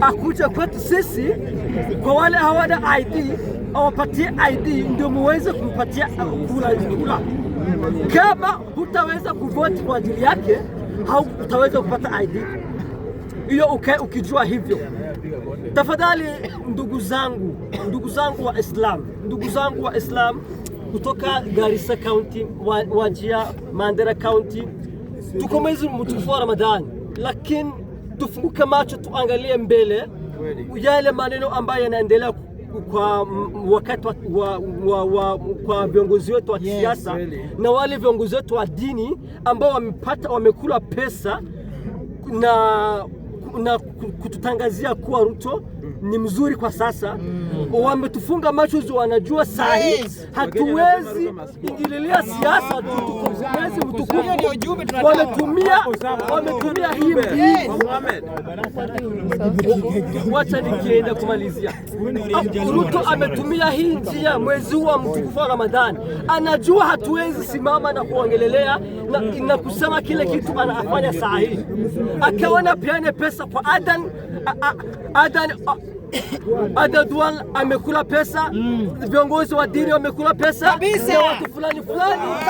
akuja kwetu sisi, kwa wale hawana ID awapatie ID ndio muweze kumpatia kula kula. Kama hutaweza kuvoti kwa ajili yake, hautaweza kupata ID hiyo. Okay, ukijua hivyo, tafadhali ndugu zangu, ndugu zangu wa Islam, ndugu zangu wa Islam kutoka Garissa County, Wajia, Mandera County, tukomezi mtukufu wa Ramadhani lakini tufunguke macho, tuangalie mbele yale maneno ambayo yanaendelea kwa wakati wa, wa, wa, wa, kwa viongozi wetu wa kisiasa yes, really. Na wale viongozi wetu wa dini ambao wamepata wamekula pesa na na kututangazia kuwa Ruto mm. ni mzuri kwa sasa mm. Wametufunga macho, wanajua sahi yes. Hatuwezi ingililia siasa tuwezi mtukufu, wametumia wametumia ah, hii Wacha nikienda kumalizia, Ruto ametumia hii njia mwezi wa mtukufu wa Ramadhani, anajua hatuwezi simama na kuongelelea na, na kusema kile kitu anafanya sahi, akaona piane pesa pesa kwa Adan. Adan Adan amekula pesa, mm. viongozi wa dini wamekula pesa, na watu fulani fulani